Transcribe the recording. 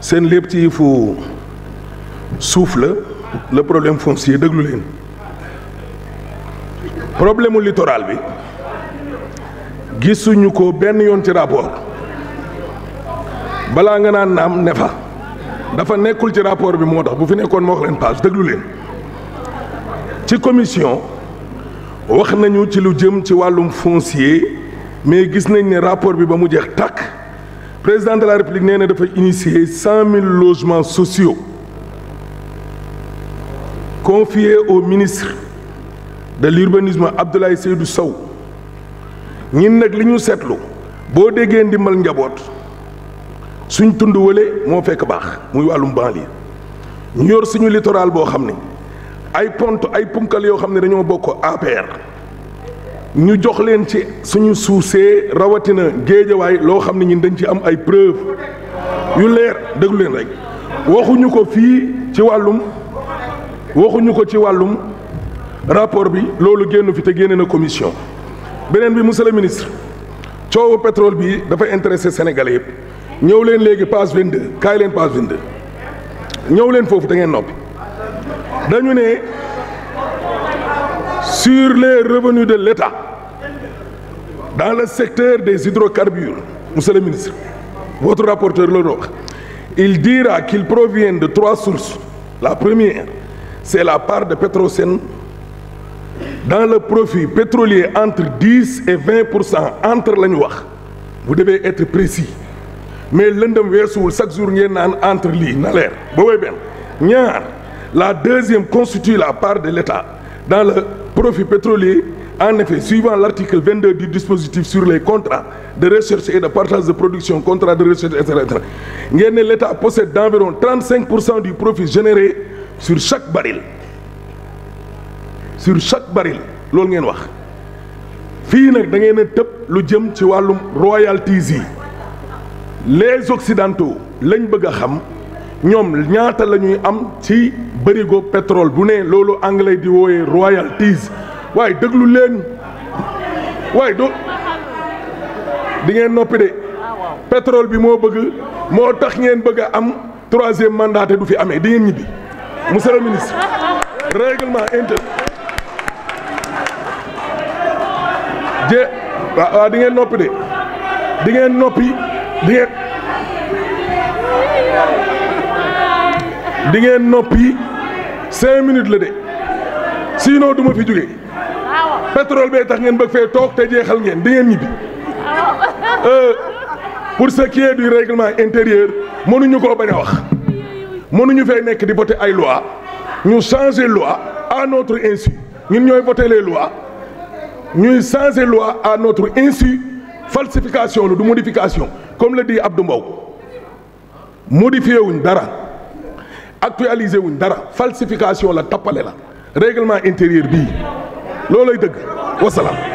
seen lépp ci fu suuf la le problème foncier déglu leen problème mu littoral bi gisuñu ko benn yoon ci rapport balaa nga naan naam ne fa dafa nekkul ci rapport bi moo tax bu fi nekkoon moo wax leen page déglu leen ci commission wax nañu ci lu jëm ci wàllum foncier mais gis nañ ne rapport bi ba mu jeex tàkk. président de la république nee na dafa initier cent mille logements sociaux confiés au ministre de l'urbanisme Abdoulaye Seydou Sow ñin nag li ñu seetlu boo déggee ndimbal njaboot suñ tund wële moo fekk baax muy wàllum banlieue ñu yor suñu littoral boo xam ne ay pont ay punkal yoo xam ne dañoo bokk APR ñu jox leen ci suñu suusee rawatina géejawaay loo xam ne ñun dañ ci am ay preuve yu leer déglu leen rek waxuñu ko fii ci wàllum waxuñu ko ci wàllum rapport bi loolu génn fi te génne na commission beneen bi monsieur le ministre coowu pétrole bi dafa intéressé Sénégalais yëpp ñëw leen léegi page 22 kaay leen page 22 ñëw leen foofu da ngeen noppi dañu ne. sur les revenus de l'État dans le secteur des hydrocarbures, monsieur le ministre, votre rapporteur le noir, il dira qu'il provient de trois sources. La première, c'est la part de Petrosen dans le profit pétrolier entre 10 et 20 pour cent entre la ñu wax vous devez être précis mais lëndëm weesuwul chaque jour ngeen naan entre lii na leer booboy benn la deuxième constitue la part de l'État dans le profits pétroliers, en effet, suivant l'article 22 du dispositif sur les contrats de recherche et de partage de production, contrats de recherche, etc., l'État possède d'environ 35% du profit généré sur chaque baril. Sur chaque baril, c'est ce que vous fii nag da ngeen a tëb lu jëm ci wàllum royalties yi les occidentaux lañ bëgg a xam ñoom ñaata lañuy am ci bërigo pétrole bu ne loolu anglais di wooyee royalties waaye déglu leen waaye do di ngeen noppi de pétrole bi moo bëgg moo tax ngeen bëgg a am troisième mandat te du fi amee di ngeen ñibbi monsieur le ministre règlement inter je waaw di ngeen noppi de di ngeen noppi di ngeen di ngeen noppi cinq minute la de sinon du ma fi jóge petrole bee tax ngeen bëgg fee toog te jeexal ngeen di ngeen ñibbi euh, pour ce qui est du règlement intérieur mënuñu koo bañ a wax mënuñu fee nekk di voter ay loi ñu changer loi à notre insu ñun ñooy voter les lois ñuy changer loi à notre insu falsification la du modification comme le di ab Mbow modifié wuñ dara. actualisé wuñ dara falsification la tappale la règlement intérieur bii loolay dëgg wasalaam